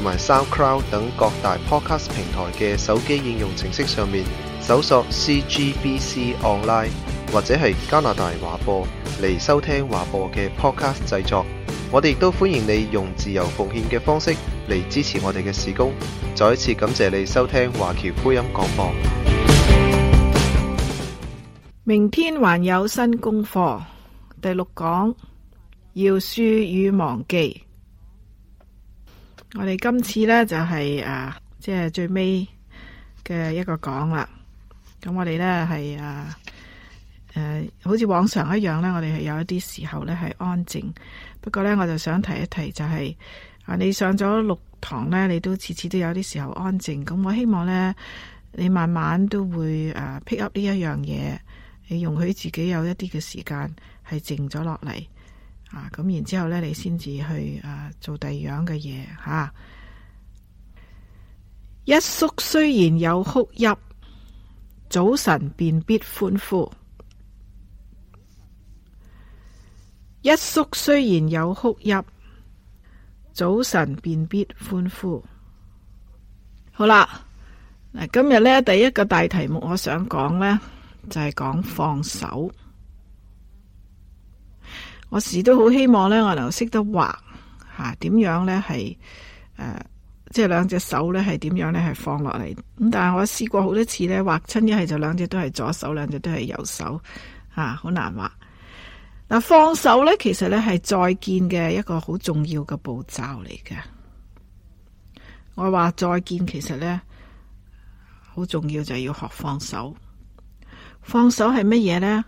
同埋 SoundCloud 等各大 Podcast 平台嘅手機應用程式上面搜索 CGBC Online 或者係加拿大華播嚟收聽華播嘅 Podcast 製作，我哋亦都歡迎你用自由奉獻嘅方式嚟支持我哋嘅事工。再一次感謝你收聽華僑福音廣播。明天還有新功課，第六講，饒恕與忘記。我哋今次呢，就係、是、誒、啊，即係最尾嘅一個講啦。咁我哋呢，係誒、啊，誒、呃，好似往常一樣呢，我哋係有一啲時候呢係安靜。不過呢，我就想提一提、就是，就係啊，你上咗六堂呢，你都次次都有啲時候安靜。咁我希望呢，你慢慢都會誒 pick up 呢一樣嘢，你容許自己有一啲嘅時間係靜咗落嚟。啊，咁然之後咧，你先至去啊做第二樣嘅嘢吓。一宿雖然有哭泣，早晨便必歡呼。一宿雖然有哭泣，早晨便必歡呼。好啦，嗱，今日咧第一個大題目，我想講咧就係、是、講放手。我時都好希望咧，我能識得畫吓，點、啊、樣咧係誒，即係兩隻手咧係點樣咧係放落嚟。咁但係我試過好多次咧，畫親一係就兩隻都係左手，兩隻都係右手，吓、啊、好難畫。嗱、啊、放手咧，其實咧係再見嘅一個好重要嘅步驟嚟嘅。我話再見，其實咧好重要，就係要學放手。放手係乜嘢咧？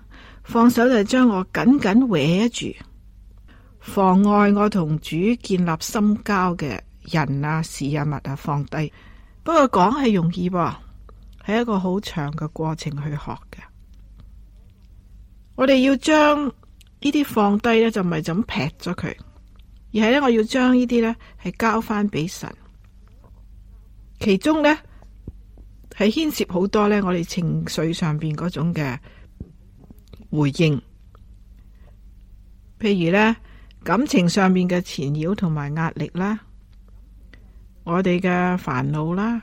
放手就將我緊緊握住，妨礙我同主建立深交嘅人啊、事啊、物啊放低。不過講係容易噃，係一個好長嘅過程去學嘅。我哋要將呢啲放低咧，就唔係就咁劈咗佢，而係咧我要將呢啲咧係交翻俾神。其中咧係牽涉好多咧，我哋情緒上邊嗰種嘅回應，譬如呢，感情上面嘅纏繞同埋壓力啦， 我哋嘅煩惱啦，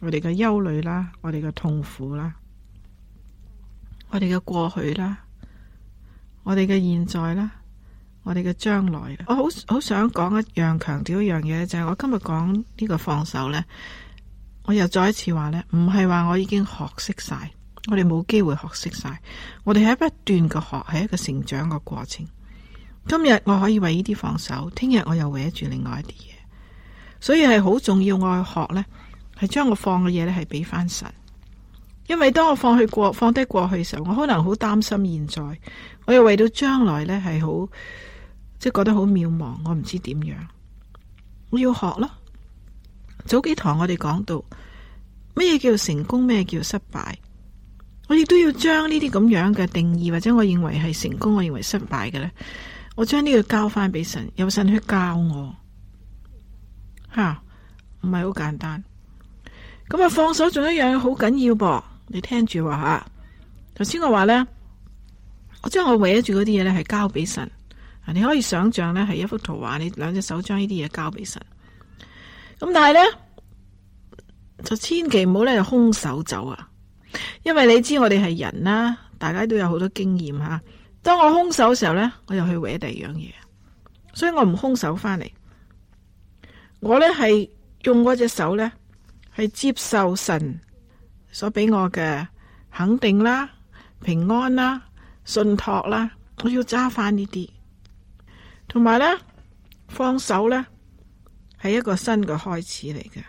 我哋嘅憂慮啦，我哋嘅痛苦啦，我哋嘅過去啦，我哋嘅現在啦，我哋嘅將來。我好好想講一樣強調一樣嘢，就係、是、我今日講呢個放手呢，我又再一次話呢，唔係話我已經學識晒。我哋冇機會學識晒，我哋係不斷嘅學係一個成長嘅過程。今日我可以為呢啲放手，聽日我又為住另外一啲嘢，所以係好重要。我去學呢，係將我放嘅嘢呢係俾翻神。因為當我放去過放低過去嘅時候，我可能好擔心現在，我又為到將來呢係好，即係覺得好渺茫，我唔知點樣，我要學咯。早幾堂我哋講到咩叫成功，咩叫失敗。我亦都要將呢啲咁樣嘅定義或者我認為係成功，我認為失敗嘅咧，我將呢個交翻俾神，有神去教我吓，唔係好簡單。咁啊，放手仲一樣好緊要噃，你聽住話吓。頭先我話咧，我將我搣住嗰啲嘢咧係交俾神，你可以想象咧係一幅圖畫，你兩隻手將呢啲嘢交俾神。咁但係咧，就千祈唔好咧空手走啊！因為你知我哋係人啦，大家都有好多經驗吓。當我空手嘅時候咧，我又去搲第二樣嘢，所以我唔空手翻嚟。我咧係用嗰隻手咧，係接受神所俾我嘅肯定啦、平安啦、信託啦，我要揸翻呢啲，同埋咧放手咧係一個新嘅開始嚟嘅。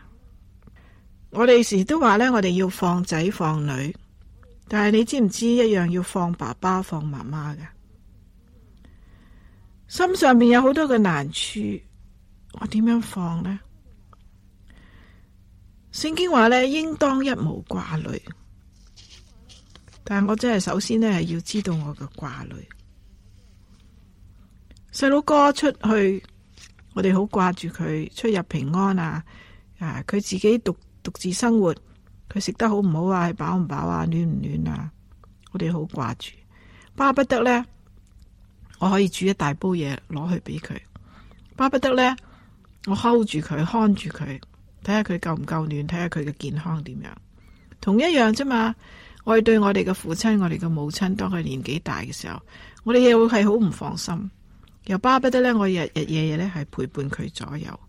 我哋時時都話咧，我哋要放仔放女，但係你知唔知一樣要放爸爸放媽媽嘅？心上面有好多嘅難處，我點樣放呢？聖經話咧，應當一無掛慮，但係我真係首先咧要知道我嘅掛慮。細佬哥出去，我哋好掛住佢出入平安啊！啊，佢自己讀。獨自生活，佢食得好唔好啊？係飽唔飽啊？暖唔暖啊？我哋好掛住，巴不得咧，我可以煮一大煲嘢攞去俾佢。巴不得咧，我 hold 住佢，看住佢，睇下佢夠唔夠暖，睇下佢嘅健康點樣。同一樣啫嘛，我哋對我哋嘅父親、我哋嘅母親，當佢年紀大嘅時候，我哋又係好唔放心，又巴不得咧，我日日夜夜咧係陪伴佢左右。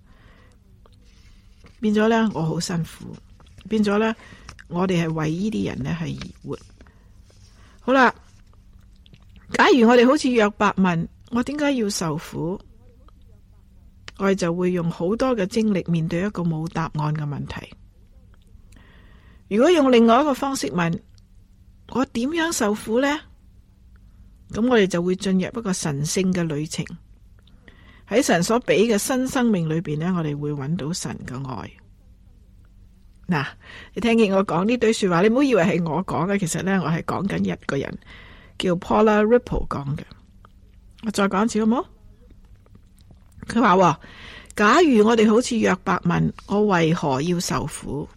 變咗咧，我好辛苦；變咗咧，我哋係為呢啲人咧係而活。好啦，假如我哋好似約伯問，我點解要受苦？我哋就會用好多嘅精力面對一個冇答案嘅問題。如果用另外一個方式問，我點樣受苦咧？咁我哋就會進入一個神聖嘅旅程。喺神所俾嘅新生命裏邊呢我哋會揾到神嘅愛。嗱，你聽見我講呢對說話，你唔好以為係我講嘅，其實呢，我係講緊一個人叫 Paula Ripple 講嘅。我再講一次好冇？佢話：假如我哋好似約伯問，我為何要受苦，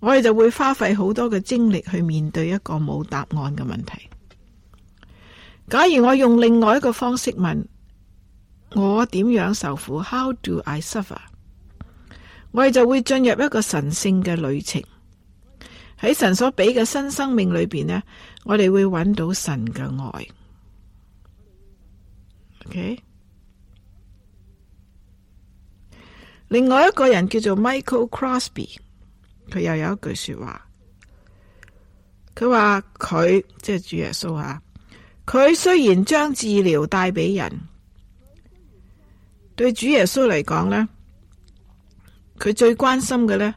我哋就會花費好多嘅精力去面對一個冇答案嘅問題。假如我用另外一個方式問。我點樣受苦？How do I suffer？我哋就會進入一個神聖嘅旅程，喺神所畀嘅新生命裏邊呢，我哋會揾到神嘅愛。OK，另外一個人叫做 Michael Crosby，佢又有一句說話，佢話佢即係主耶穌啊，佢雖然將治療帶俾人。對主耶穌嚟講咧，佢最關心嘅咧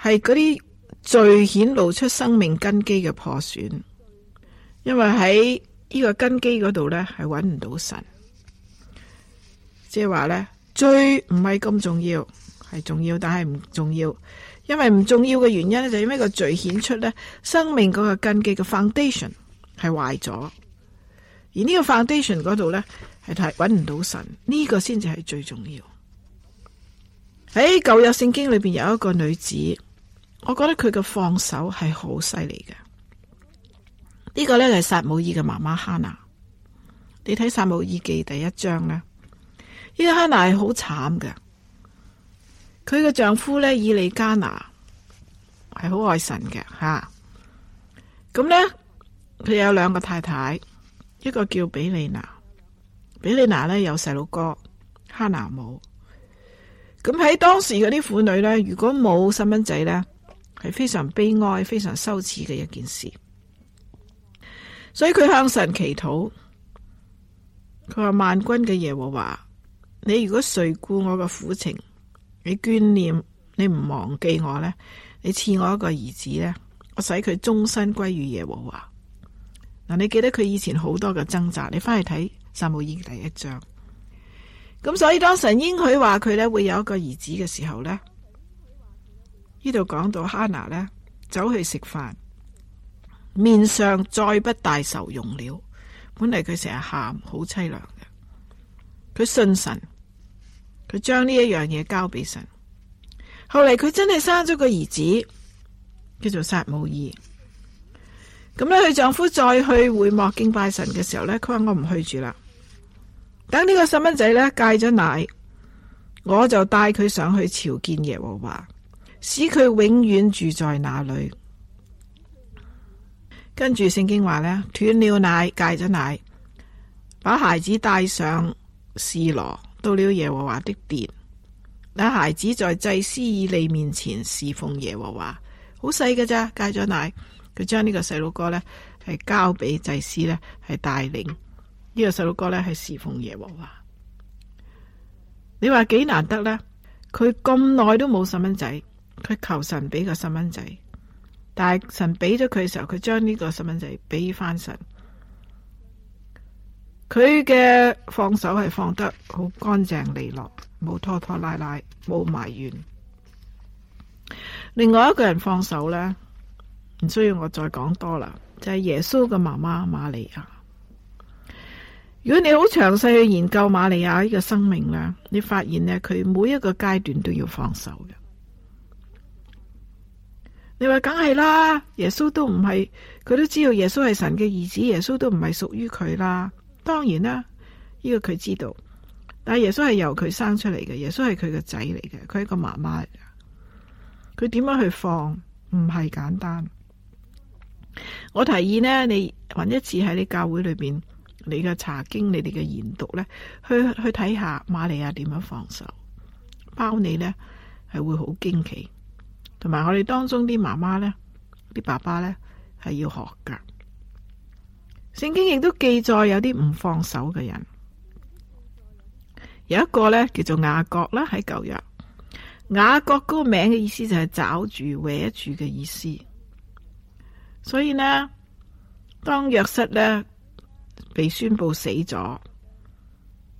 係嗰啲罪顯露出生命根基嘅破損，因為喺呢個根基嗰度咧係揾唔到神。即係話咧，罪唔係咁重要，係重要但係唔重要，因為唔重要嘅原因咧就因為個罪顯出咧生命嗰個根基嘅 foundation 係壞咗，而個呢個 foundation 嗰度咧。搵唔到神呢、呢個先至係最重要。喺舊約聖經裏邊有一個女子，我覺得佢嘅放手係好犀利嘅。呢個、呢個咧就係撒母耳嘅媽媽哈娜。你睇撒母耳記第一章咧，呢、呢個哈娜係好慘嘅。佢嘅丈夫咧以利加拿係好愛神嘅吓。咁咧佢有兩個太太，一個叫比利娜。比利娜咧有細佬哥，哈娜姆。咁喺當時嗰啲婦女咧，如果冇細蚊仔咧，係非常悲哀、非常羞恥嘅一件事。所以佢向神祈禱，佢話萬軍嘅耶和華，你如果垂顧我嘅苦情，你眷念，你唔忘記我咧，你賜我一個兒子咧，我使佢終身歸於耶和華嗱。你記得佢以前好多嘅掙扎，你翻去睇。撒母耳第一章，咁所以當神應許話佢咧會有一個兒子嘅時候咧，候呢度講到哈拿咧走去食飯，面上再不帶愁容了。本嚟佢成日喊好凄涼嘅，佢信神，佢將呢一樣嘢交俾神。後嚟佢真係生咗個兒子，叫做撒母耳。咁咧，佢丈夫再去會幕敬拜神嘅時候咧，佢話我唔去住啦。等呢個細蚊仔呢，戒咗奶，我就帶佢上去朝見耶和華，使佢永遠住在那裏。跟住聖經話呢，斷了奶，戒咗奶，把孩子帶上示羅，到了耶和華的殿，那孩子在祭司以利面前侍奉耶和華，好細嘅咋，戒咗奶，佢將呢個細路哥呢係交俾祭司呢係帶領。個呢個細路哥咧，係侍奉耶和華，你話幾難得咧？佢咁耐都冇細蚊仔，佢求神俾個細蚊仔，但係神俾咗佢嘅時候，佢將呢個細蚊仔俾翻神。佢嘅放手係放得好乾淨利落，冇拖拖拉拉，冇埋怨。另外一個人放手咧，唔需要我再講多啦，就係、是、耶穌嘅媽媽瑪利亞。如果你好詳細去研究瑪利亞呢個生命咧，你發現咧佢每一個階段都要放手嘅。你話梗係啦，耶穌都唔係佢都知道耶穌係神嘅兒子，耶穌都唔係屬於佢啦。當然啦，呢、這個佢知道，但係耶穌係由佢生出嚟嘅，耶穌係佢嘅仔嚟嘅，佢係一個媽媽嚟嘅。佢點樣去放唔係簡單。我提議呢，你搵一次喺你教會裏邊。你嘅查經，你哋嘅研讀咧，去去睇下瑪利亞點樣放手，包你咧係會好驚奇。同埋我哋當中啲媽媽咧，啲爸爸咧係要學噶。聖經亦都記載有啲唔放手嘅人，有一個咧叫做雅各啦，喺舊約。雅各嗰個名嘅意思就係抓住、搲住嘅意思。所以呢，當約瑟咧。被宣佈死咗，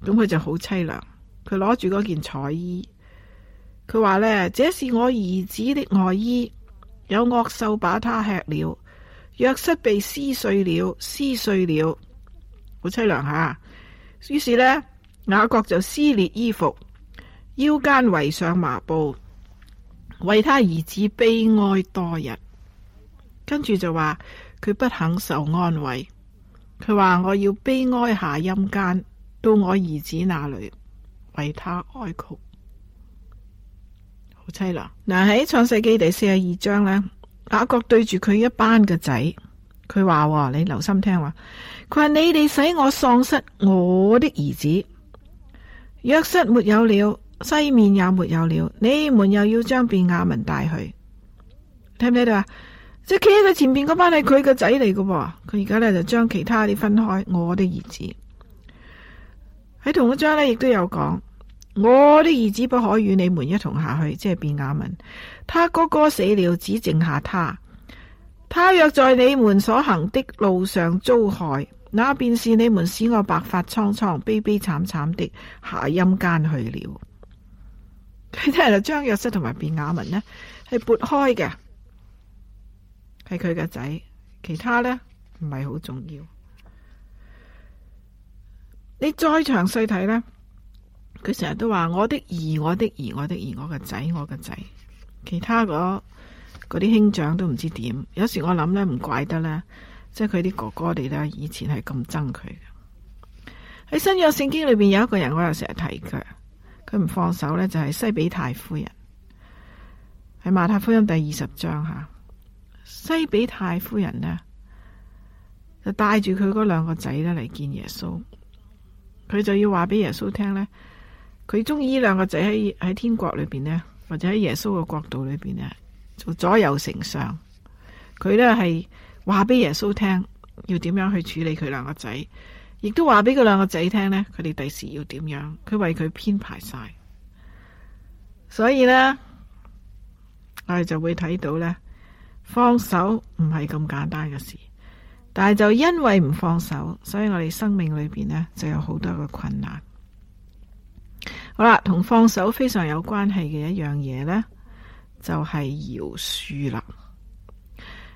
咁佢就好淒涼。佢攞住嗰件彩衣，佢話咧：這是我兒子的外衣，有惡獸把他吃了，約瑟被撕碎了，撕碎了，好淒涼吓、啊。於是呢，雅各就撕裂衣服，腰間圍上麻布，為他兒子悲哀多日。跟住就話佢不肯受安慰。佢話我要悲哀下陰間，到我兒子那裏為他哀哭。好淒涼。嗱，喺創世紀第四十二章呢，雅各對住佢一班嘅仔，佢話、哦：你留心聽話，佢話你哋使我喪失我的兒子，約瑟沒有了，西面也沒有了，你們又要將便雅憫帶去，聽唔聽到？即企喺佢前邊嗰班係佢嘅仔嚟嘅，佢而家咧就將其他啲分開。我的兒子喺同一章咧，亦都有講，我的兒子不可與你們一同下去，即係便雅文，他哥哥死了，只剩下他。他若在你們所行的路上遭害，那便是你們使我白髮蒼蒼，悲悲慘慘地下陰間去了。佢哋就將約瑟同埋便雅文呢係撥開嘅。係佢嘅仔，其他咧唔係好重要。你再詳細睇咧，佢成日都話我的兒，我的兒，我的兒，我嘅仔，我嘅仔。其他嗰啲兄長都唔知點。有時我諗咧，唔怪得啦，即係佢啲哥哥哋咧，以前係咁憎佢嘅。喺新約聖經裏邊有一個人我又成日提佢，佢唔放手咧就係西比太夫人，喺馬太福音第二十章吓。西比太夫人呢，就帶住佢嗰兩個仔呢嚟見耶穌，佢就要話俾耶穌聽呢，佢中意兩個仔喺喺天國裏邊呢，或者喺耶穌嘅國度裏邊啊，做左右丞相，佢呢係話俾耶穌聽要點樣去處理佢兩個仔，亦都話俾佢兩個仔聽呢，佢哋第時要點樣，佢為佢編排晒，所以呢，我哋就會睇到呢。放手唔係咁簡單嘅事，但係就因為唔放手，所以我哋生命裏邊呢就有好多嘅困難。好啦，同放手非常有關係嘅一樣嘢呢，就係、是、饒恕啦。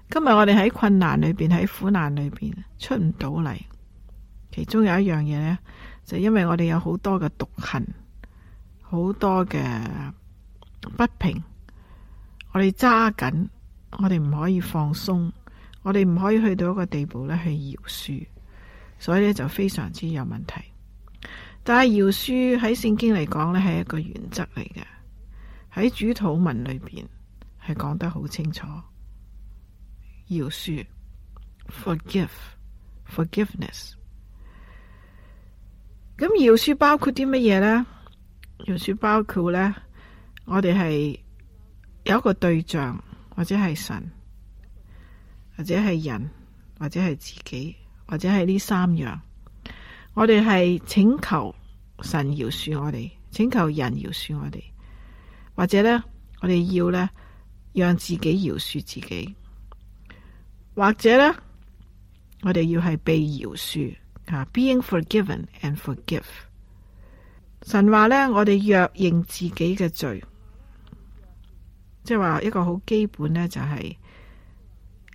今日我哋喺困難裏邊，喺苦難裏邊出唔到嚟，其中有一樣嘢呢，就因為我哋有好多嘅毒恨，好多嘅不平，我哋揸緊。我哋唔可以放鬆，我哋唔可以去到一個地步咧，去饒恕，所以咧，就非常之有問題。但係饒恕喺聖經嚟講咧，係一個原則嚟嘅，喺主禱文裏邊係講得好清楚。饒恕，forgive，forgiveness。咁饒恕包括啲乜嘢咧？饒恕包括咧，我哋係有一個對象。或者係神，或者係人，或者係自己，或者係呢三樣。我哋係請求神饒恕我哋，請求人饒恕我哋，或者咧，我哋要咧，讓自己饒恕自己，或者咧，我哋要係被饒恕啊。Being forgiven and forgive。神話咧，我哋若認自己嘅罪。即係話一個好基本咧，就係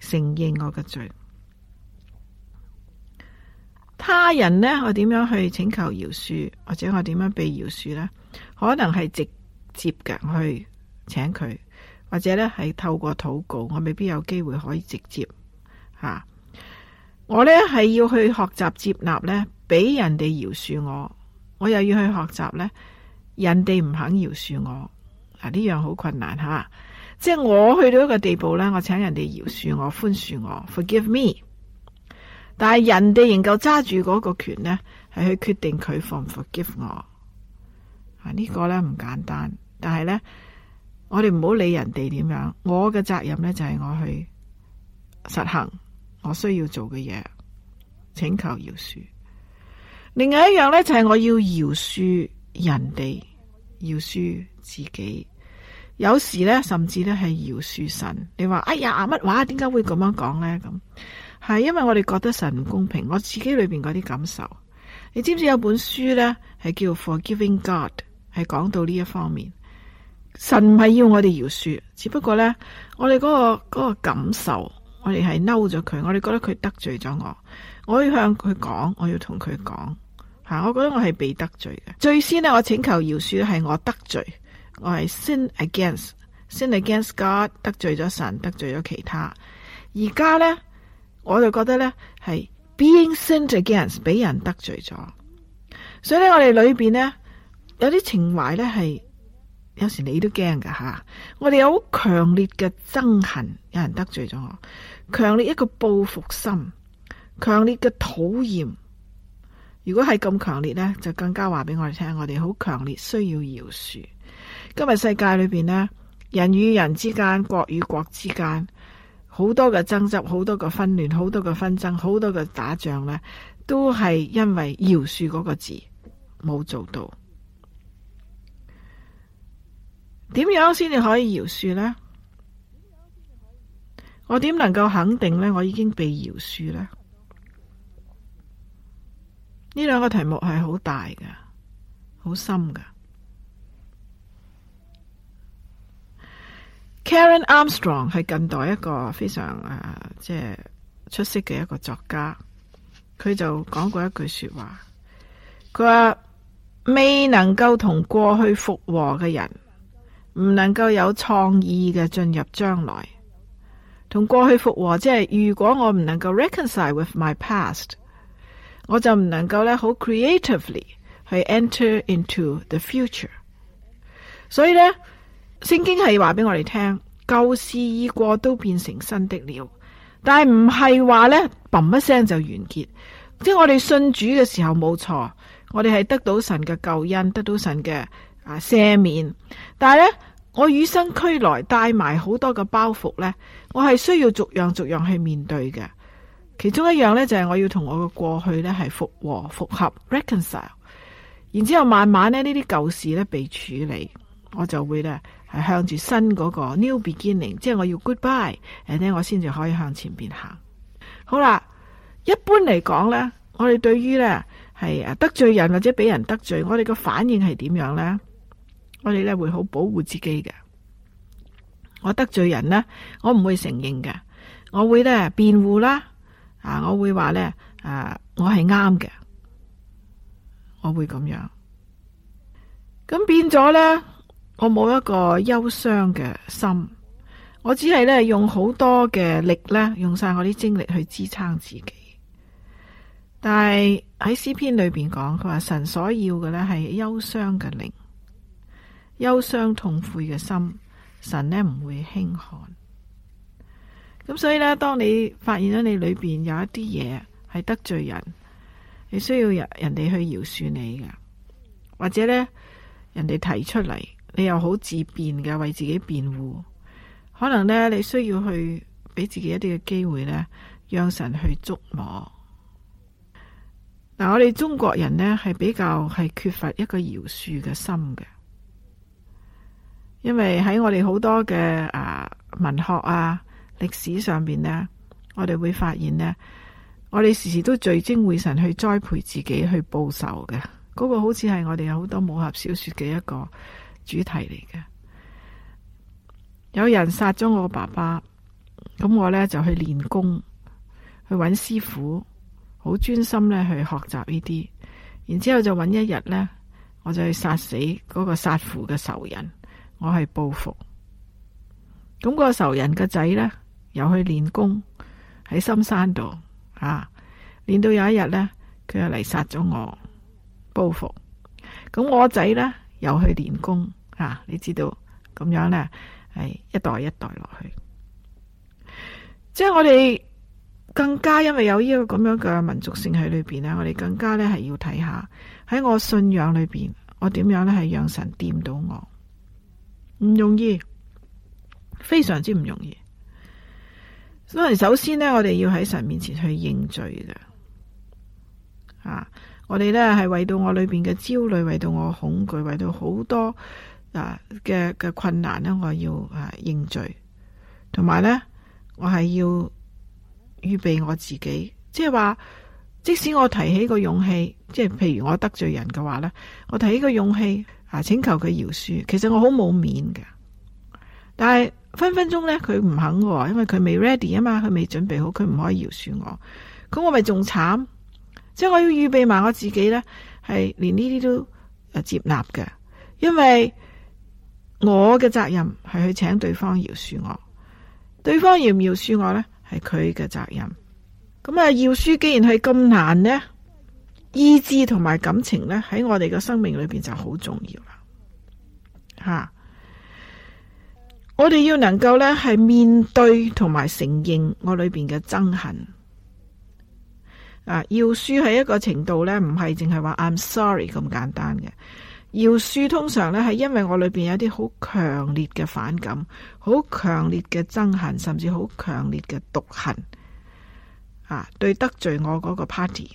承認我嘅罪。他人咧，我點樣去請求饒恕，或者我點樣被饒恕咧？可能係直接嘅去請佢，或者咧係透過禱告，我未必有機會可以直接吓，啊。我咧係要去學習接納咧，俾人哋饒恕我，我又要去學習咧，人哋唔肯饒恕我。啊！呢樣好困難吓，即係我去到一個地步啦，我請人哋饒恕我，寬恕我，forgive me。但係人哋仍舊揸住嗰個權咧，係去決定佢放唔 forgive 我。啊！這個、呢個咧唔簡單，但係咧，我哋唔好理人哋點樣，我嘅責任咧就係、是、我去實行我需要做嘅嘢，請求饒恕。另外一樣咧就係、是、我要饒恕人哋，饒恕。自己有時咧，甚至咧係饒恕神。你話哎呀乜話？點解會咁樣講呢？咁係因為我哋覺得神唔公平。我自己裏邊嗰啲感受，你知唔知有本書呢係叫 Forgiving God，係講到呢一方面。神唔係要我哋饒恕，只不過呢，我哋嗰個嗰個感受，我哋係嬲咗佢，我哋覺得佢得罪咗我，我要向佢講，我要同佢講吓，我覺得我係被得罪嘅。最先呢，我請求饒恕係我得罪。我係 sin against sin against God，得罪咗神，得罪咗其他。而家咧，我就覺得咧係 being sinned against，俾人得罪咗。所以咧，我哋裏邊咧有啲情懷咧係有時你都驚噶吓。我哋有好強烈嘅憎恨，有人得罪咗我，強烈一個報復心，強烈嘅討厭。如果係咁強烈咧，就更加話俾我哋聽，我哋好強烈需要饒恕。今日世界裏邊呢，人與人之間、國與國之間，好多嘅爭執、好多嘅紛亂、好多嘅紛爭、好多嘅打仗呢，都係因為饒恕嗰個字冇做到。點樣先至可以饒恕呢？我點能夠肯定呢？我已經被饒恕呢？呢兩個題目係好大㗎，好深㗎。Karen Armstrong 係近代一個非常誒、啊、即係出色嘅一個作家，佢就講過一句說話，佢話，未能夠同過去復和嘅人唔能夠有創意嘅進入將來。同過去復和，即係如果我唔能夠 reconcile with my past，我就唔能夠咧好 creatively 去 enter into the future，所以咧。聖經係話俾我哋聽，舊事已過都變成新的了，但係唔係話呢，嘣一聲就完結。即係我哋信主嘅時候冇錯，我哋係得到神嘅救恩，得到神嘅啊赦免。但係呢，我與生俱來帶埋好多嘅包袱呢，我係需要逐樣逐樣去面對嘅。其中一樣呢，就係、是、我要同我嘅過去呢係復和複合 reconcile，然之後慢慢呢，呢啲舊事呢被處理，我就會呢。向住新嗰個 new beginning，即係我要 goodbye，誒咧我先至可以向前邊行。好啦，一般嚟講咧，我哋對於咧係啊得罪人或者俾人得罪，我哋個反應係點樣咧？我哋咧會好保護自己嘅。我得罪人咧，我唔會承認嘅，我會咧辯護啦，啊，我會話咧啊，我係啱嘅，我會咁樣。咁變咗咧？我冇一個憂傷嘅心，我只係咧用好多嘅力咧，用晒我啲精力去支撐自己。但係喺詩篇裏邊講，佢話神所要嘅咧係憂傷嘅靈、憂傷痛悔嘅心，神呢唔會輕看。咁所以咧，當你發現咗你裏邊有一啲嘢係得罪人，你需要人人哋去饒恕你嘅，或者咧人哋提出嚟，你又好自辯嘅，為自己辯護，可能呢，你需要去俾自己一啲嘅機會呢，讓神去捉摸。嗱，我哋中國人呢，係比較係缺乏一個饒恕嘅心嘅，因為喺我哋好多嘅啊文學啊歷史上邊呢，我哋會發現呢，我哋時時都聚精會神去栽培自己去報仇嘅，嗰、那個好似係我哋有好多武俠小說嘅一個。主題嚟嘅，有人殺咗我爸爸，咁我咧就去練功，去揾師傅，好專心咧去學習呢啲，然之後就揾一日咧，我就去殺死嗰個殺父嘅仇人，我去報復。咁個仇人嘅仔咧又去練功，喺深山度啊，練到有一日咧，佢又嚟殺咗我，報復。咁我仔咧。又去練功啊！你知道咁樣咧，係一代一代落去。即係我哋更加因為有呢個咁樣嘅民族性喺裏邊咧，我哋更加咧係要睇下喺我信仰裏邊，我點樣咧係讓神掂到我？唔容易，非常之唔容易。所以首先呢，我哋要喺神面前去認罪嘅啊。我哋咧係為到我裏面嘅焦慮，為到我恐懼，為到好多啊嘅嘅困難咧，我要啊認罪，同埋咧我係要預備我自己，即係話即使我提起個勇氣，即係譬如我得罪人嘅話咧，我提起個勇氣啊請求佢饒恕，其實我好冇面㗎，但係分分鐘咧佢唔肯，因為佢未 ready 啊嘛，佢未準備好，佢唔可以饒恕我，咁我咪仲慘。即係我要預備埋我自己咧，係連呢啲都誒接納嘅，因為我嘅責任係去請對方饒恕我，對方要唔饒恕我咧，係佢嘅責任。咁、嗯、啊，饒恕既然係咁難呢，意志同埋感情咧，喺我哋嘅生命裏邊就好重要啦。吓、啊，我哋要能夠咧係面對同埋承認我裏邊嘅憎恨。啊，饒恕係一個程度呢，唔係淨係話 I'm sorry 咁簡單嘅。饒恕通常呢，係因為我裏邊有啲好強烈嘅反感，好強烈嘅憎恨，甚至好強烈嘅毒恨啊，對得罪我嗰個 party。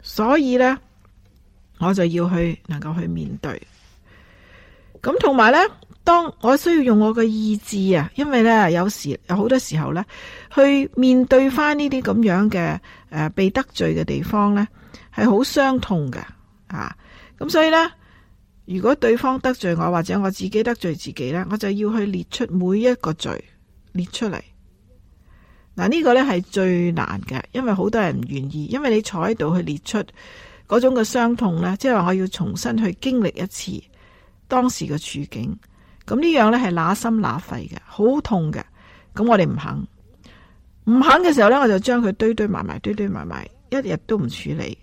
所以呢，我就要去能夠去面對。咁同埋呢，當我需要用我嘅意志啊，因為呢，有時有好多時候呢，去面對翻呢啲咁樣嘅。誒、呃，被得罪嘅地方呢，係好傷痛嘅啊！咁所以呢，如果對方得罪我，或者我自己得罪自己呢，我就要去列出每一個罪，列出嚟。嗱、啊，呢、呢個呢係最難嘅，因為好多人唔願意，因為你坐喺度去列出嗰種嘅傷痛呢，即係話我要重新去經歷一次當時嘅處境。咁、啊、呢樣呢，係乸心乸肺嘅，好痛嘅。咁我哋唔肯。唔肯嘅時候咧，我就將佢堆堆埋埋，堆堆埋埋，一日都唔處理，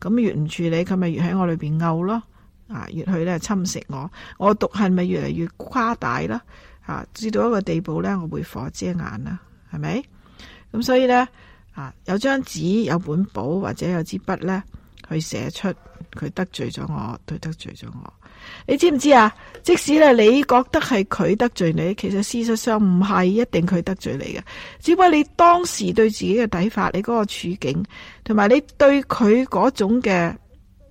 咁越唔處理佢咪越喺我裏邊漚咯，啊，越去咧侵蝕我，我毒恨係咪越嚟越誇大啦，啊，至到一個地步咧，我會火遮眼啦，係咪？咁所以咧，啊，有張紙有本簿或者有支筆咧，去寫出佢得罪咗我，對得罪咗我。你知唔知啊？即使咧，你覺得係佢得罪你，其實事實上唔係一定佢得罪你嘅，只不過你當時對自己嘅睇法，你嗰個處境同埋你對佢嗰種嘅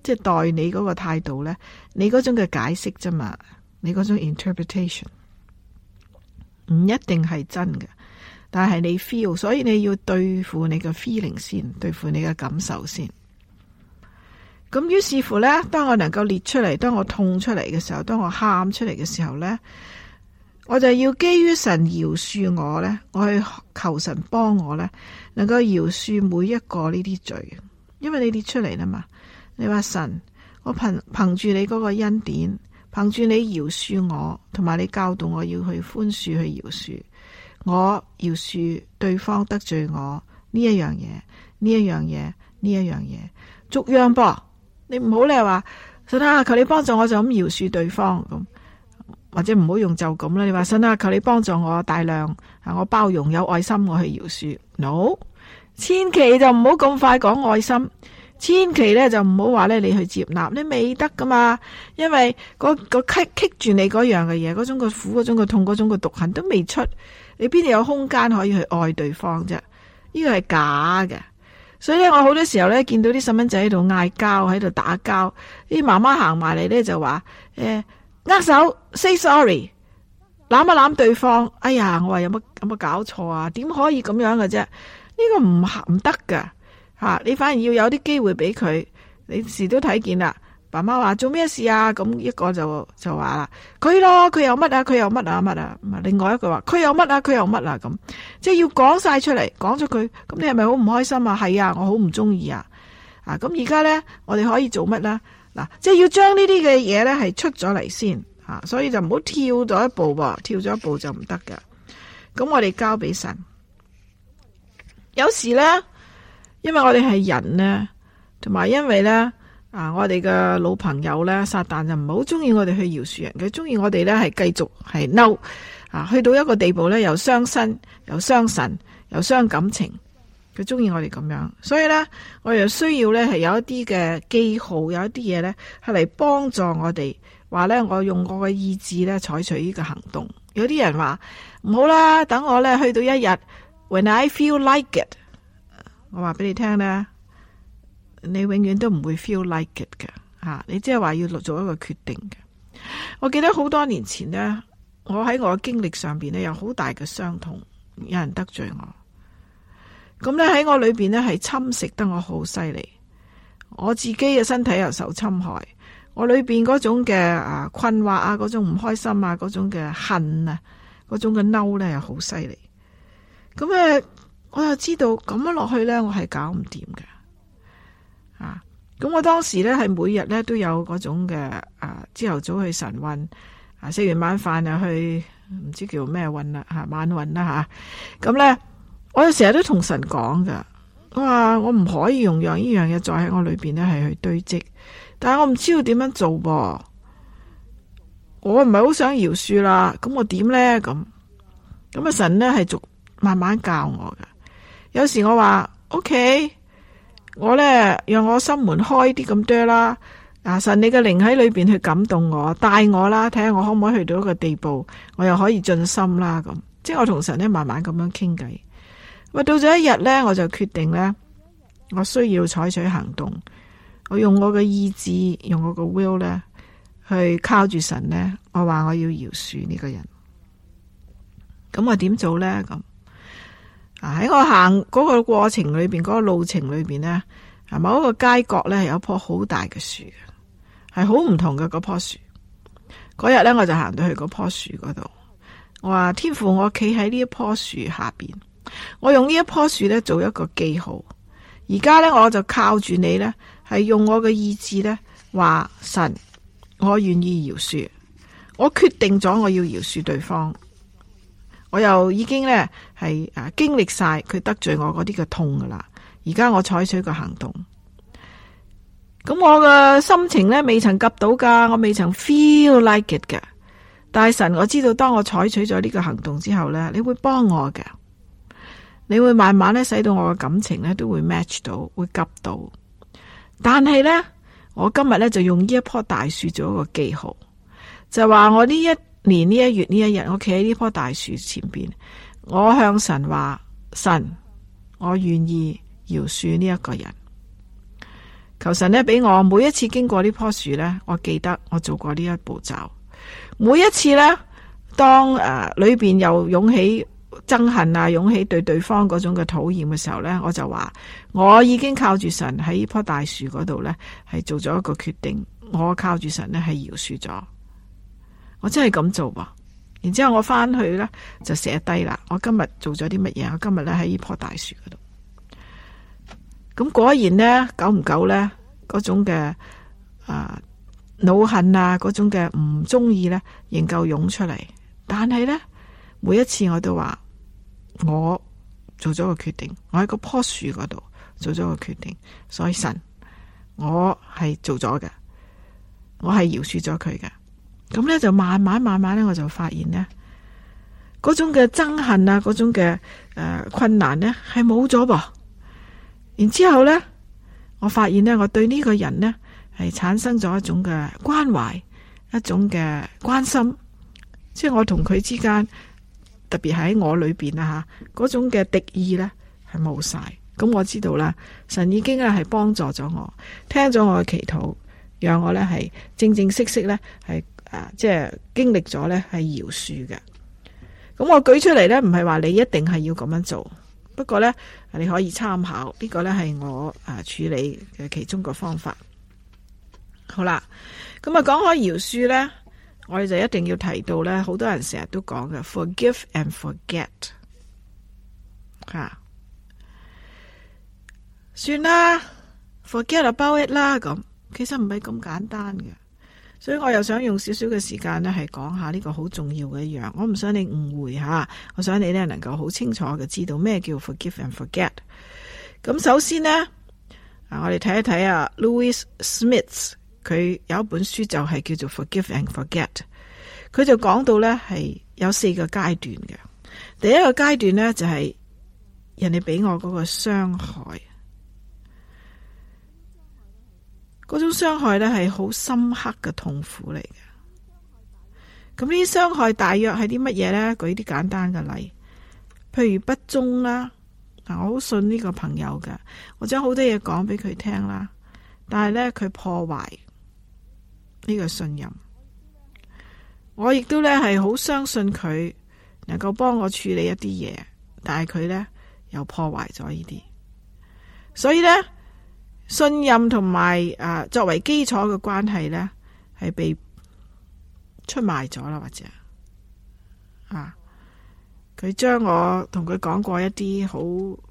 即係待你嗰個態度呢，你嗰種嘅解釋啫嘛，你嗰種 interpretation 唔一定係真嘅，但係你 feel，所以你要對付你嘅 feeling 先，對付你嘅感受先感受。咁於是乎呢，當我能夠列出嚟，當我痛出嚟嘅時候，當我喊出嚟嘅時候呢，我就要基於神饒恕我呢，我去求神幫我呢，能夠饒恕每一個呢啲罪，因為你列出嚟啦嘛。你話神，我憑憑住你嗰個恩典，憑住你饒恕我，同埋你教導我要去寬恕，去恕，去饒恕我饒恕對方得罪我呢一樣嘢，呢一樣嘢，呢一樣嘢，逐樣噃。你唔好你話信啊，求你幫助我就咁饒恕對方咁，或者唔好用就咁啦。你話信啊，求你幫助我大量啊，我包容有愛心我去饒恕。No，千祈就唔好咁快講愛心，千祈咧就唔好話咧你去接納，你未得噶嘛。因為嗰個棘棘住你嗰樣嘅嘢，嗰種個苦，嗰種個痛，嗰種個毒恨都未出，你邊度有空間可以去愛對方啫？呢個係假嘅。所以咧，我好多時候咧見到啲細蚊仔喺度嗌交，喺度打交，啲媽媽行埋嚟咧就話：誒、呃，握手，say sorry，攬一攬對方。哎呀，我話有冇有冇搞錯啊？點可以咁樣嘅啫？呢、這個唔行唔得㗎吓，你反而要有啲機會俾佢。你時都睇見啦。爸媽話做咩事啊？咁一個就就話啦，佢咯，佢又乜啊？佢又乜啊？乜啊？另外一個話佢又乜啊？佢又乜啊？咁即係要講晒出嚟，講咗佢，咁你係咪好唔開心啊？係啊，我好唔中意啊！啊，咁而家呢，我哋可以做乜咧？嗱、啊，即係要將呢啲嘅嘢呢係出咗嚟先吓、啊，所以就唔好跳咗一步、啊，跳咗一步就唔得噶。咁我哋交俾神，有時呢，因為我哋係人呢，同埋因為呢……」啊！我哋嘅老朋友咧，撒旦就唔好中意我哋去饒恕人，佢中意我哋咧係繼續係嬲啊！去到一個地步咧，又傷身，又傷神，又傷感情，佢中意我哋咁樣，所以咧，我哋需要咧係有一啲嘅記號，有一啲嘢咧係嚟幫助我哋，話咧我用我嘅意志咧採取呢個行動。有啲人話唔好啦，等我咧去到一日，When I feel like it，我話俾你聽咧。你永遠都唔會 feel like it 嘅，吓、啊、你即係話要做一個決定嘅。我記得好多年前呢，我喺我嘅經歷上邊呢，有好大嘅傷痛，有人得罪我，咁咧喺我裏邊呢，係侵蝕得我好犀利，我自己嘅身體又受侵害，我裏邊嗰種嘅啊困惑啊，嗰種唔開心啊，嗰種嘅恨啊，嗰種嘅嬲咧又好犀利，咁咧我又知道咁樣落去咧，我係搞唔掂嘅。咁我當時咧係每日咧都有嗰種嘅啊，朝頭早去晨運啊，食完晚飯又去唔知叫咩運啦吓，晚運啦吓。咁、啊、咧，我又成日都同神講噶、啊，我話我唔可以用樣呢樣嘢再喺我裏邊咧係去堆積，但係我唔知道點樣做噃，我唔係好想饒恕啦，咁我點咧咁？咁啊神咧係逐慢慢教我噶，有時我話 OK。OK, 我呢，讓我心門開啲咁多啦。嗱，神你嘅靈喺裏邊去感動我，帶我啦，睇下我可唔可以去到一個地步，我又可以盡心啦。咁，即係我同神呢，慢慢咁樣傾偈。喂，到咗一日呢，我就決定呢，我需要採取行動。我用我嘅意志，用我個 will 呢，去靠住神呢。我話我要饒恕呢個人。咁我點做呢？咁？喺我行嗰個過程裏邊，嗰、嗰個路程裏邊呢，係某一個街角呢，係有棵好大嘅樹，係好唔同嘅嗰棵樹。嗰日呢，我就行到去嗰棵樹嗰度，我話天父，我企喺呢一棵樹下邊，我用呢一棵樹呢做一個記號。而家呢，我就靠住你呢，係用我嘅意志呢話神，我願意饒恕，我決定咗我要饒恕對方。我又已經呢，係啊經歷晒佢得罪我嗰啲嘅痛噶啦，而家我採取個行動，咁我嘅心情呢，未曾急到噶，我未曾 feel like it 嘅。但係神，我知道當我採取咗呢個行動之後呢，你會幫我嘅，你會慢慢呢，使到我嘅感情呢，都會 match 到，會急到。但係呢，我今日呢，就用呢一棵大樹做一個記號，就話、是、我呢一年呢一月呢一日，我企喺呢棵大樹前邊，我向神話：神，我願意饒恕呢一個人。求神呢俾，我每一次經過呢棵樹呢，我記得我做過呢一步驟。每一次呢，當誒裏邊又湧起憎恨啊，湧起對對方嗰種嘅討厭嘅時候呢，我就話：我已經靠住神喺呢棵大樹嗰度呢，係做咗一個決定。我靠住神呢，係饒恕咗。我真係咁做，啊，然之後我翻去咧就寫低啦。我今日做咗啲乜嘢？我今日咧喺呢棵大樹嗰度。咁果然呢，久唔久咧，嗰種嘅啊惱恨啊，嗰種嘅唔中意咧，仍舊湧出嚟。但係咧，每一次我都話我做咗個決定，我喺嗰棵樹嗰度做咗個決定。所以神，我係做咗嘅，我係饒恕咗佢嘅。咁咧就慢慢慢慢咧，我就發現呢嗰種嘅憎恨啊，嗰種嘅誒、呃、困難呢，係冇咗噃。然之後咧，我發現呢，我對呢個人呢，係產生咗一種嘅關懷，一種嘅關心，即係我同佢之間，特別喺我裏邊啊吓，嗰種嘅敵意呢，係冇晒。咁、嗯、我知道啦，神已經咧係幫助咗我，聽咗我嘅祈禱，讓我呢係正正式式呢。係。即係經歷咗咧，係饒恕嘅。咁我舉出嚟咧，唔係話你一定係要咁樣做，不過咧，你可以參考。呢、呢個咧係我啊處理嘅其中個方法。好啦，咁啊講開饒恕咧，我哋就一定要提到咧，好多人成日都講嘅 forgive and forget。吓、啊，算啦，forget about it 啦。咁其實唔係咁簡單嘅。所以我又想用少少嘅時間呢，係講下呢個好重要嘅一樣。我唔想你誤會吓，我想你呢能夠好清楚嘅知道咩叫 forgive and forget。咁首先呢，嗱，啊，我哋睇一睇啊，Louis Smith 佢有一本書就係叫做 forgive and forget。佢就講到呢係有四個階段嘅。第一個階段呢，就係、是、人哋俾我嗰個傷害。嗰種傷害咧係好深刻嘅痛苦嚟嘅，咁呢啲傷害大約係啲乜嘢呢？舉啲簡單嘅例，譬如不忠啦，嗱，我好信呢個朋友嘅，我將好多嘢講俾佢聽啦，但係呢，佢破壞呢個信任。我亦都咧係好相信佢能夠幫我處理一啲嘢，但係佢呢又破壞咗呢啲，所以呢。信任同埋誒作為基礎嘅關係呢，係被出賣咗啦，或者啊，佢將我同佢講過一啲好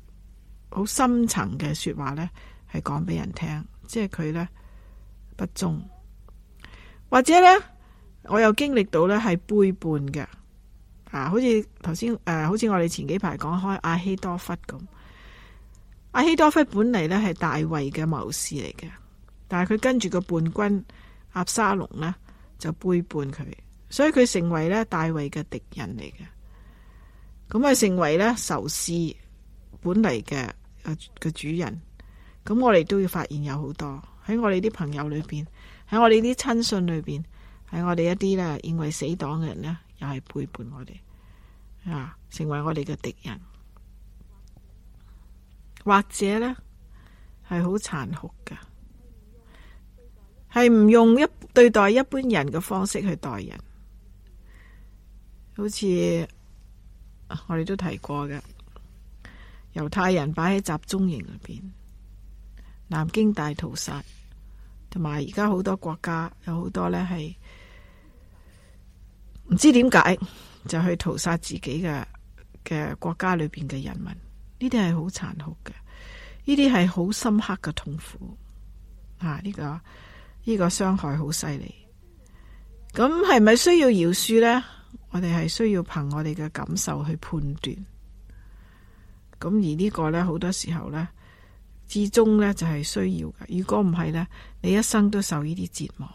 好深層嘅說話呢，係講俾人聽，即係佢呢不忠，或者呢，我又經歷到呢係背叛嘅啊，好似頭先誒，好似我哋前幾排講開阿希多弗咁。阿希多菲本嚟咧係大衛嘅謀士嚟嘅，但係佢跟住個叛軍押沙龍呢，就背叛佢，所以佢成為咧大衛嘅敵人嚟嘅。咁啊，成為咧仇視本嚟嘅個個主人。咁我哋都要發現有好多喺我哋啲朋友裏邊，喺我哋啲親信裏邊，喺我哋一啲啦認為死黨嘅人呢，又係背叛我哋啊，成為我哋嘅敵人。或者呢，係好殘酷㗎，係唔用一對待一般人嘅方式去待人，好似我哋都提過嘅，猶太人擺喺集中營裏邊，南京大屠殺，同埋而家好多國家有好多呢係唔知點解就去屠殺自己嘅嘅國家裏邊嘅人民。呢啲係好殘酷嘅，呢啲係好深刻嘅痛苦，啊！呢、這個呢、這個傷害好犀利。咁係咪需要饒恕呢？我哋係需要憑我哋嘅感受去判斷。咁而呢個呢，好多時候呢，至終呢就係、是、需要嘅。如果唔係呢，你一生都受呢啲折磨。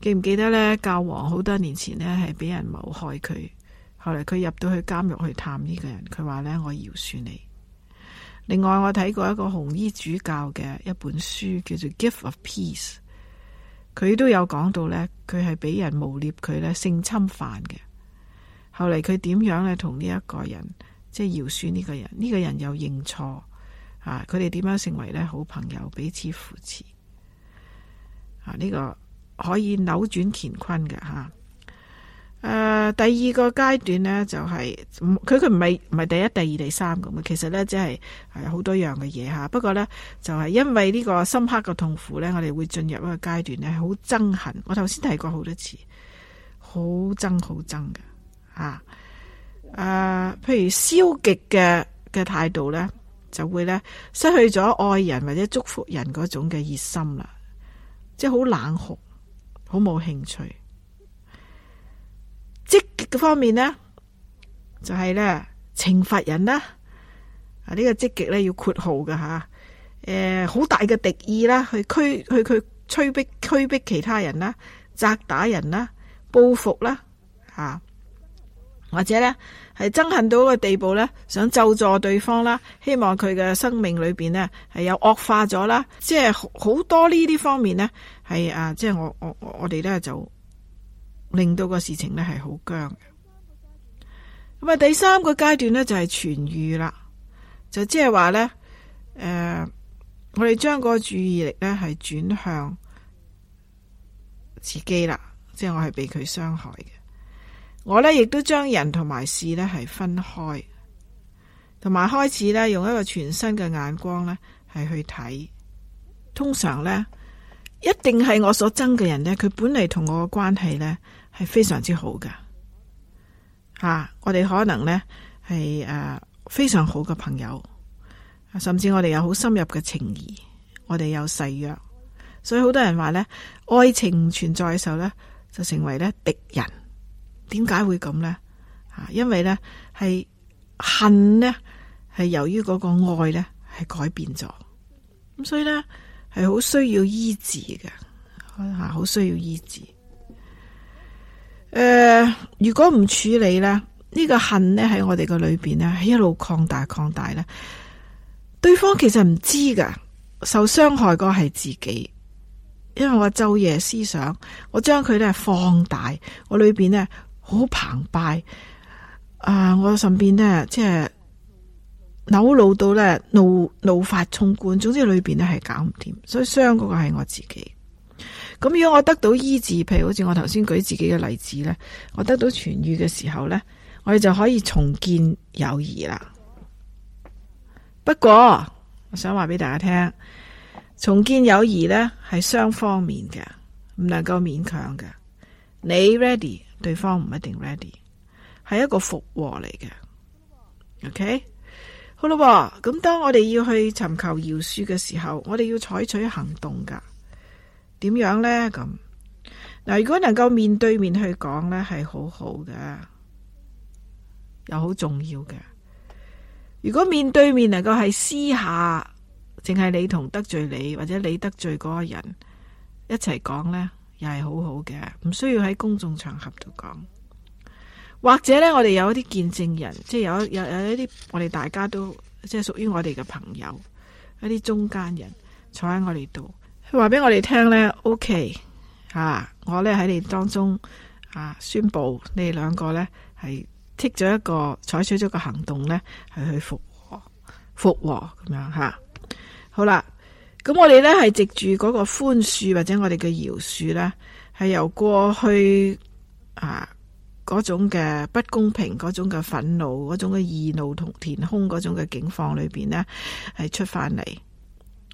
記唔記得呢？教皇好多年前呢，係俾人謀害佢。後來佢入到去監獄去探呢個人，佢話呢：「我饒恕你。」另外我睇過一個紅衣主教嘅一本書叫做《Gift of Peace》，佢都有講到呢，佢係俾人誣衊佢呢性侵犯嘅。後嚟佢點樣呢？同呢一個人即係饒恕呢個人？呢個，呢個人又認錯啊？佢哋點樣成為呢好朋友，彼此扶持啊？呢、呢個可以扭轉乾坤嘅吓。啊。誒、呃，第二個階段呢，就係、是，佢佢唔係唔係第一、第二、第三咁嘅，其實呢，即係係好多樣嘅嘢吓。不過呢，就係、是、因為呢個深刻嘅痛苦呢，我哋會進入一個階段呢，好憎恨。我頭先提過好多次，好憎好憎嘅啊。誒、呃，譬如消極嘅嘅態度呢，就會呢失去咗愛人或者祝福人嗰種嘅熱心啦，即係好冷酷，好冇興趣。積極嘅方面呢，就係、是、呢，懲罰人啦，啊、這、呢個積極呢，要括號嘅吓，誒、呃、好大嘅敵意啦，去，去，去驅去佢驅逼驅逼其他人啦，責打人啦，報復啦，吓、啊、或者呢，係憎恨到個地步呢，想咒詛對方啦，希望佢嘅生命裏邊呢，係有惡化咗啦，即係好多呢啲方面呢，係啊，即係我我我哋呢，就。令到個事情呢係好僵嘅，咁啊第三個階段呢，就係痊癒啦，就即係話呢，誒，我哋將個注意力呢係轉向自己啦，即係我係被佢傷害嘅，我呢亦都將人同埋事呢係分開，同埋開始呢用一個全新嘅眼光呢係去睇，通常呢。一定係我所憎嘅人呢，佢本嚟同我嘅關係呢係非常之好噶，吓、啊、我哋可能呢係誒、啊、非常好嘅朋友，甚至我哋有好深入嘅情誼，我哋有誓約，所以好多人話呢，愛情存在嘅時候呢就成為咧敵人，點解會咁呢？啊，因為呢係恨呢，係由於嗰個愛呢係改變咗，咁所以呢。係好需要醫治嘅，吓，好需要醫治。誒、呃，如果唔處理咧，呢、這個恨咧喺我哋嘅裏邊咧，係一路擴大擴大咧。對方其實唔知噶，受傷害個係自己，因為我晝夜思想，我將佢咧放大，我裏邊咧好澎湃。啊、呃，我身邊咧即係。嬲怒到咧，怒怒髮衝冠。總之裏邊咧係搞唔掂，所以傷嗰個係我自己。咁如果我得到醫治，譬如好似我頭先舉自己嘅例子咧，我得到痊癒嘅時候咧，我哋就可以重建友誼啦。不過我想話俾大家聽，重建友誼咧係雙方面嘅，唔能夠勉強嘅。你 ready，對方唔一定 ready，係一個復和嚟嘅。OK。好啦，咁當我哋要去尋求饒恕嘅時候，我哋要採取行動噶。點樣呢？咁嗱，如果能夠面對面去講呢，係好好嘅，又好重要嘅。如果面對面能夠係私下，淨係你同得罪你或者你得罪嗰個人一齊講呢，又係好好嘅，唔需要喺公眾場合度講。或者咧，我哋有一啲見證人，即係有有有一啲我哋大家都即係屬於我哋嘅朋友，一啲中間人坐喺我哋度，佢話俾我哋聽咧，OK 吓、啊，我咧喺你當中啊，宣佈你哋兩個咧係剔咗一個採取咗個行動咧，係去復和。復和咁樣吓、啊。好啦，咁我哋咧係藉住嗰個寬恕，或者我哋嘅饒恕咧，係由過去啊。嗰種嘅不公平，嗰種嘅憤怒，嗰種嘅義怒同填空嗰種嘅境況裏邊呢，係出翻嚟。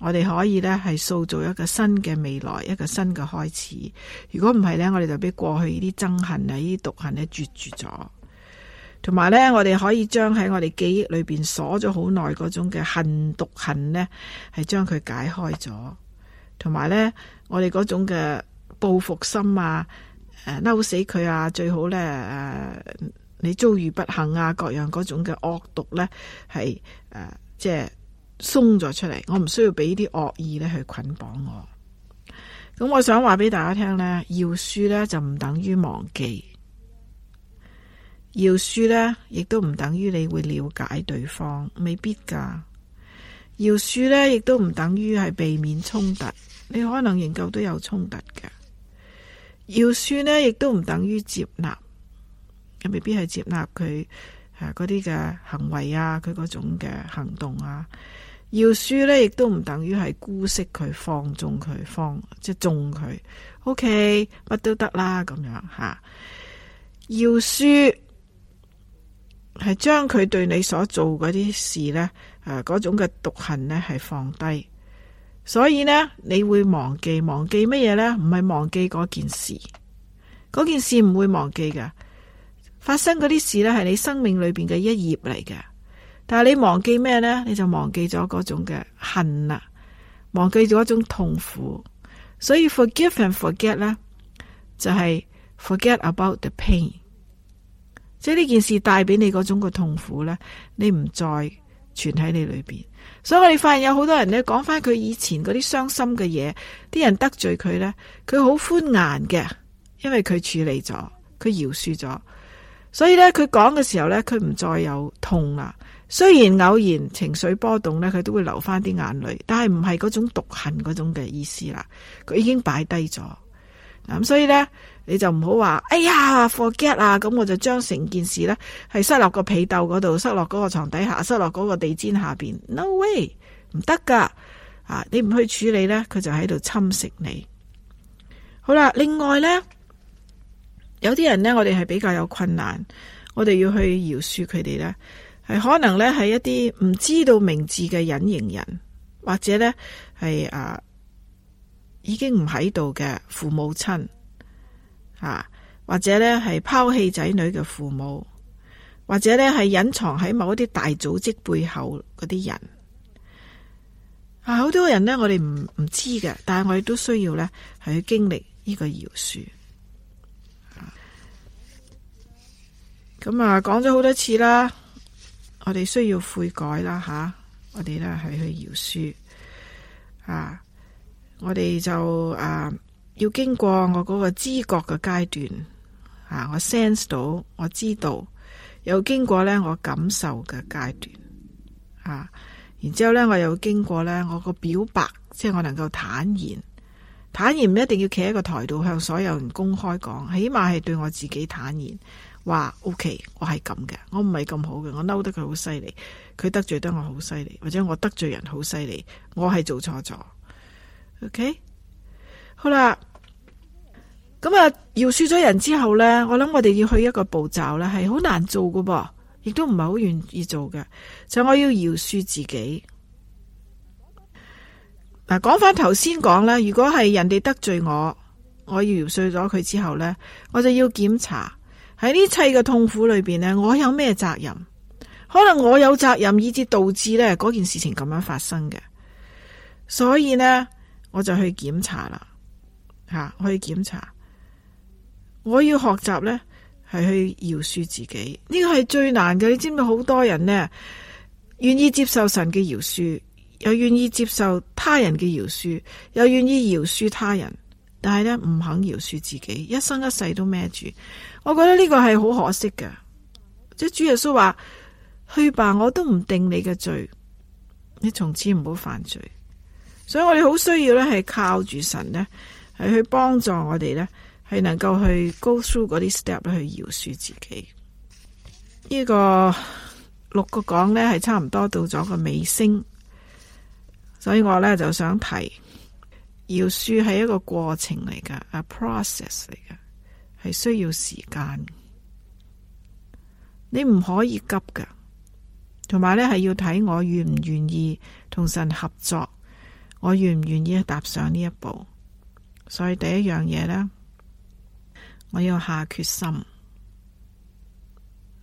我哋可以呢，係塑造一個新嘅未來，一個新嘅開始。如果唔係呢，我哋就俾過去呢啲憎恨啊、呢啲毒恨呢絕住咗。同埋呢，我哋可以將喺我哋記憶裏邊鎖咗好耐嗰種嘅恨毒恨呢，係將佢解開咗。同埋呢，我哋嗰種嘅報復心啊。嬲死佢啊！最好咧、啊，你遭遇不幸啊，各樣嗰種嘅惡毒呢，係誒、啊，即係鬆咗出嚟。我唔需要俾啲惡意呢去捆綁我。咁我想話俾大家聽呢，饒恕呢，就唔等於忘記，饒恕呢，亦都唔等於你會了解對方，未必噶。饒恕呢，亦都唔等於係避免衝突，你可能仍舊都有衝突嘅。饒恕呢，亦都唔等於接納，又未必係接納佢誒嗰啲嘅行為啊，佢嗰種嘅行動啊。饒恕咧，亦都唔等於係姑息佢、放縱佢、放即係縱佢。OK，乜都得啦咁樣吓。饒恕係將佢對你所做嗰啲事咧，誒、啊、嗰種嘅毒恨咧係放低。所以呢，你會忘記，忘記乜嘢呢？唔係忘記嗰件事，嗰件事唔會忘記噶。發生嗰啲事呢，係你生命裏邊嘅一頁嚟嘅。但係你忘記咩呢？你就忘記咗嗰種嘅恨啦，忘記咗一種痛苦。所以 forgive and forget 呢，就係 forget about the pain。即係呢件事帶俾你嗰種嘅痛苦呢，你唔再。存喺你裏邊，所以我哋發現有好多人咧講翻佢以前嗰啲傷心嘅嘢，啲人得罪佢呢，佢好寬顏嘅，因為佢處理咗，佢饒恕咗，所以呢，佢講嘅時候呢，佢唔再有痛啦。雖然偶然情緒波動呢，佢都會流翻啲眼淚，但係唔係嗰種毒恨嗰種嘅意思啦，佢已經擺低咗。咁所以呢。你就唔好話，哎呀，forget 啊，咁我就將成件事呢，係塞落個被竇嗰度，塞落嗰個床底下，塞落嗰個地氈下邊，no way，唔得㗎，啊，你唔去處理呢，佢就喺度侵蝕你。好啦，另外呢，有啲人呢，我哋係比較有困難，我哋要去饒恕佢哋呢，係可能呢，係一啲唔知道名字嘅隱形人，或者呢，係啊，已經唔喺度嘅父母親。啊，或者呢，係拋棄仔女嘅父母，或者呢，係隱藏喺某一啲大組織背後嗰啲人，啊，好多人呢，我哋唔唔知嘅，但係我哋都需要呢，係去經歷呢個饒恕。咁啊，啊，講咗好多次啦，我哋需要悔改啦，吓，我哋呢，係去饒恕。啊，我哋就啊。要經過我嗰個知覺嘅階段，啊，我 sense 到我知道，又經過咧我感受嘅階段，啊，然之後咧我又經過咧我個表白，即係我能夠坦然，坦然唔一定要企喺個台度向所有人公開講，起碼係對我自己坦然，話 OK，我係咁嘅，我唔係咁好嘅，我嬲得佢好犀利，佢得罪得我好犀利，或者我得罪人好犀利，我係做錯咗，OK。Okay 好啦，咁啊，饒恕咗人之後呢，我諗我哋要去一個步驟咧，係好難做噃，亦都唔係好願意做嘅。就我要饒恕自己嗱，講翻頭先講咧，如果係人哋得罪我，我饒恕咗佢之後呢，我就要檢查喺呢一切嘅痛苦裏邊呢，我有咩責任？可能我有責任，以至導致呢嗰件事情咁樣發生嘅，所以呢，我就去檢查啦。吓可以檢查。我要學習呢，係去饒恕自己。呢個係最難嘅。你知唔知好多人呢，願意接受神嘅饒恕，又願意接受他人嘅饒恕，又願意饒恕他人，但係呢，唔肯饒恕自己，一生一世都孭住。我覺得呢個係好可惜嘅。即係主耶穌話：去吧，我都唔定你嘅罪，你從此唔好犯罪。所以我哋好需要呢，係靠住神呢。係去幫助我哋呢，係能夠去 go through 嗰啲 step 去饒恕自己。呢、呢個六個講，呢係差唔多到咗個尾聲，所以我呢就想提饒恕係一個過程嚟噶，a process 嚟噶，係需要時間。你唔可以急噶，同埋呢係要睇我願唔願意同神合作，我願唔願意踏上呢一步。所以第一樣嘢咧，我要下決心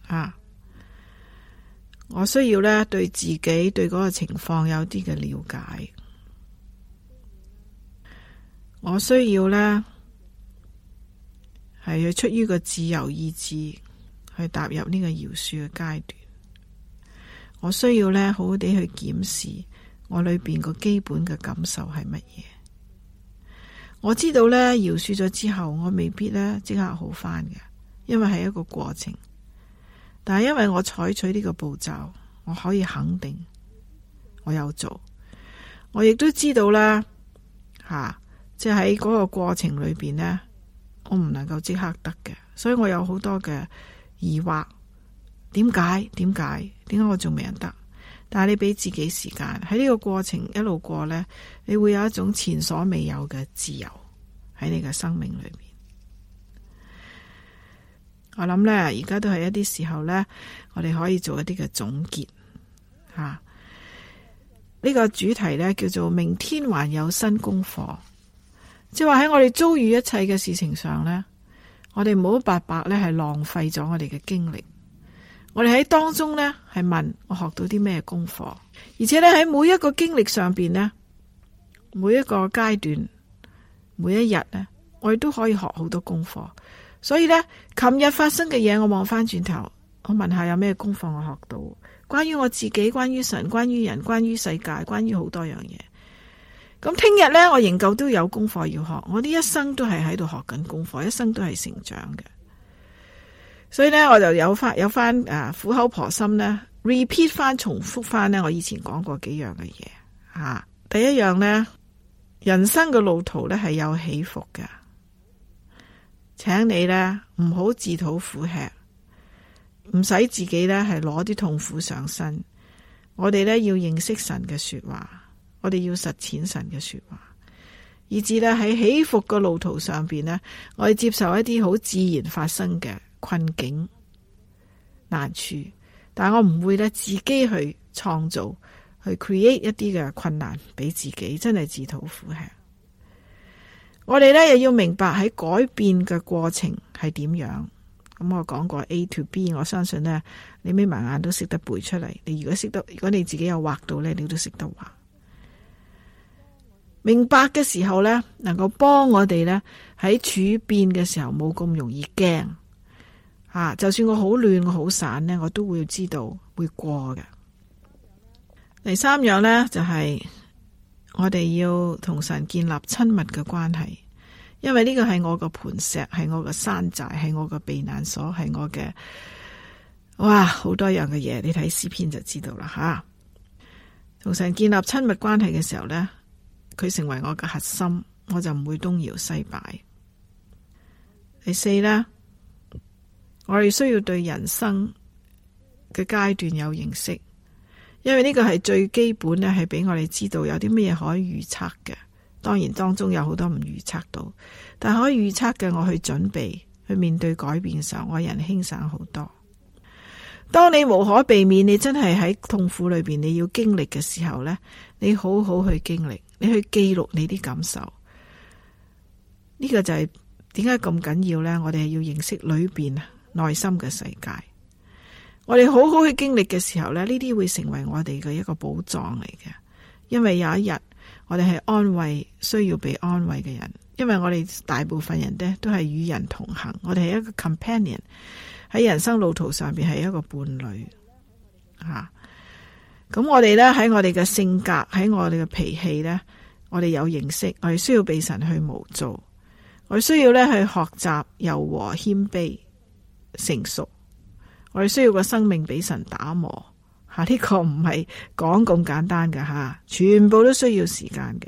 啊！我需要咧對自己對嗰個情況有啲嘅了解。我需要咧係要出於個自由意志去踏入呢個饒恕嘅階段。我需要咧好好地去檢視我裏邊個基本嘅感受係乜嘢。我知道咧，饒恕咗之後，我未必咧即刻好翻嘅，因為係一個過程。但係因為我採取呢個步驟，我可以肯定我有做。我亦都知道咧，吓、啊、即係喺嗰個過程裏邊咧，我唔能夠即刻得嘅，所以我有好多嘅疑惑。點解？點解？點解我仲未人得？但係你俾自己時間喺呢個過程一路過呢，你會有一種前所未有嘅自由喺你嘅生命裏面。我諗呢，而家都係一啲時候呢，我哋可以做一啲嘅總結吓。啊，呢個主題呢，叫做明天還有新功課，即係話喺我哋遭遇一切嘅事情上呢，我哋唔好白白呢，係浪費咗我哋嘅經歷。我哋喺當中呢，係問我學到啲咩功課，而且呢，喺每一個經歷上邊呢，每一個階段，每一日呢，我亦都可以學好多功課。所以呢，琴日發生嘅嘢，我望翻轉頭，我問下有咩功課我學到？關於我自己，關於神，關於人，關於世界，關於好多樣嘢。咁聽日呢，我仍舊都有功課要學。我呢一生都係喺度學緊功課，一生都係成長嘅。所以咧，我就有翻有翻啊，苦口婆心咧，repeat 翻重複翻咧，我以前講過幾樣嘅嘢啊。第一樣咧，人生嘅路途咧係有起伏嘅，請你咧唔好自討苦吃，唔使自己咧係攞啲痛苦上身。我哋咧要認識神嘅說話，我哋要實踐神嘅說話，以至咧喺起伏嘅路途上邊咧，我哋接受一啲好自然發生嘅。困境難處，但我唔會咧自己去創造去 create 一啲嘅困難俾自己，真係自討苦吃。我哋呢又要明白喺改變嘅過程係點樣。咁，嗯，我講過 A to B，我相信呢，你眯埋眼都識得背出嚟。你如果識得，如果你自己有畫到呢，你都識得畫。明白嘅時候呢，能夠幫我哋呢，喺處變嘅時候冇咁容易驚。啊！就算我好亂，我好散咧，我都會知道會過嘅。第三樣呢，就係我哋要同神建立親密嘅關係，因為呢個係我個磐石，係我個山寨，係我個避難所，係我嘅哇好多樣嘅嘢。你睇詩篇就知道啦。吓，啊，同神建立親密關係嘅時候呢，佢成為我嘅核心，我就唔會東搖西擺。第四呢。我哋需要對人生嘅階段有認識，因為呢個係最基本咧，係俾我哋知道有啲咩嘢可以預測嘅。當然當中有好多唔預測到，但可以預測嘅，我去準備去面對改變嘅時候，我人輕省好多。當你無可避免，你真係喺痛苦裏邊，你要經歷嘅時候咧，你好好去經歷，你去記錄你啲感受。呢個就係點解咁緊要咧？我哋係要認識裏邊啊。內心嘅世界，我哋好好去經歷嘅時候呢，呢啲會成為我哋嘅一個寶藏嚟嘅。因為有一日，我哋係安慰需要被安慰嘅人，因為我哋大部分人呢都係與人同行，我哋係一個 companion，喺人生路途上面係一個伴侶。吓、啊，咁我哋呢，喺我哋嘅性格，喺我哋嘅脾氣呢，我哋有認識，我哋需要被神去模造，我哋需要呢去學習柔和謙卑。成熟，我哋需要個生命俾神打磨，吓、這、呢個唔係講咁簡單噶吓，全部都需要時間嘅。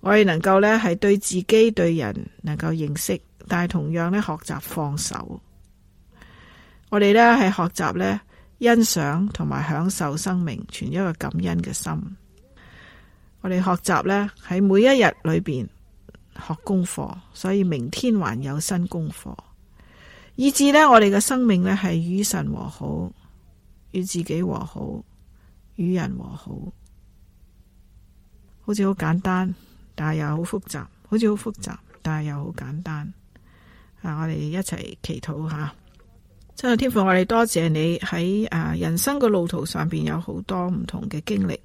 我哋能夠咧係對自己對人能夠認識，但係同樣咧學習放手。我哋咧係學習咧欣賞同埋享受生命，存一個感恩嘅心。我哋學習咧喺每一日裏邊學功課，所以明天還有新功課。以致呢，我哋嘅生命呢，係與神和好，與自己和好，與人和好，好似好簡單，但係又好複雜；好似好複雜，但係又好簡單。啊！我哋一齊祈禱吓，真係天父，我哋多謝你喺啊人生嘅路途上邊有好多唔同嘅經歷。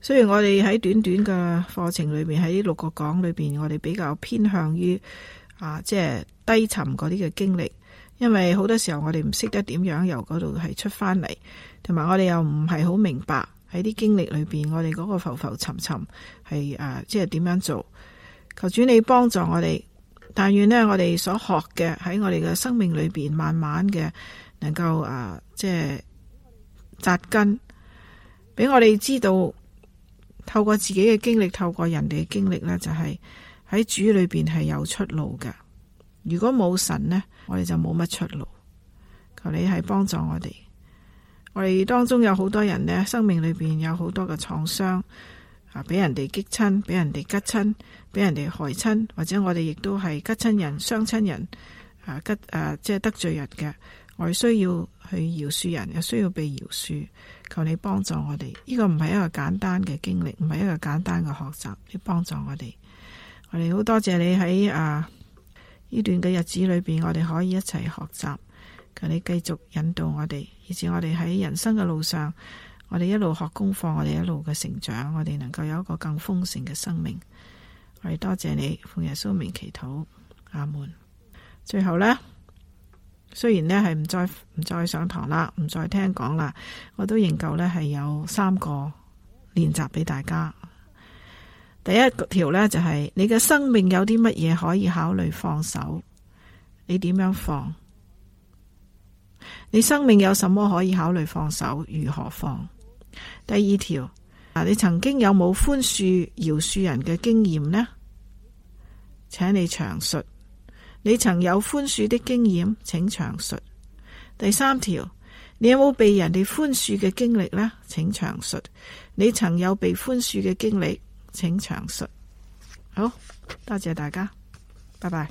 雖然我哋喺短短嘅課程裏邊，喺六個講裏邊，我哋比較偏向於啊，即係低沉嗰啲嘅經歷。因為好多時候我哋唔識得點樣由嗰度係出返嚟，同埋我哋又唔係好明白喺啲經歷裏邊，我哋嗰個浮浮沉沉係誒、啊，即係點樣做？求主你幫助我哋，但願呢，我哋所學嘅喺我哋嘅生命裏邊，慢慢嘅能夠誒、啊，即係紮根，俾我哋知道透過自己嘅經歷，透過人哋嘅經歷呢，就係、是、喺主裏邊係有出路㗎。如果冇神呢，我哋就冇乜出路。求你係幫助我哋，我哋當中有好多人呢，生命裏邊有好多嘅創傷，啊，俾人哋激親，俾人哋吉親，俾人哋害親，或者我哋亦都係吉親人、傷親人，啊吉誒、啊，即係得罪人嘅，我哋需要去饒恕人，又需要被饒恕。求你幫助我哋，呢、這個唔係一個簡單嘅經歷，唔係一個簡單嘅學習，你幫助我哋。我哋好多謝你喺啊。呢段嘅日子裏邊，我哋可以一齊學習，求你繼續引導我哋，以至我哋喺人生嘅路上，我哋一路學功課，我哋一路嘅成長，我哋能夠有一個更豐盛嘅生命。我哋多謝你，奉耶穌名祈禱，阿門。最後咧，雖然咧係唔再唔再上堂啦，唔再聽講啦，我都仍舊咧係有三個練習俾大家。第一條呢、就是，就係你嘅生命有啲乜嘢可以考慮放手？你點樣放？你生命有什麼可以考慮放手？如何放？第二條啊，你曾經有冇寬恕饒恕人嘅經驗呢？請你詳述。你曾有寬恕的經驗，請詳述。第三條，你有冇被人哋寬恕嘅經歷呢？請詳述。你曾有被寬恕嘅經歷？請詳述，好多謝大家，拜拜。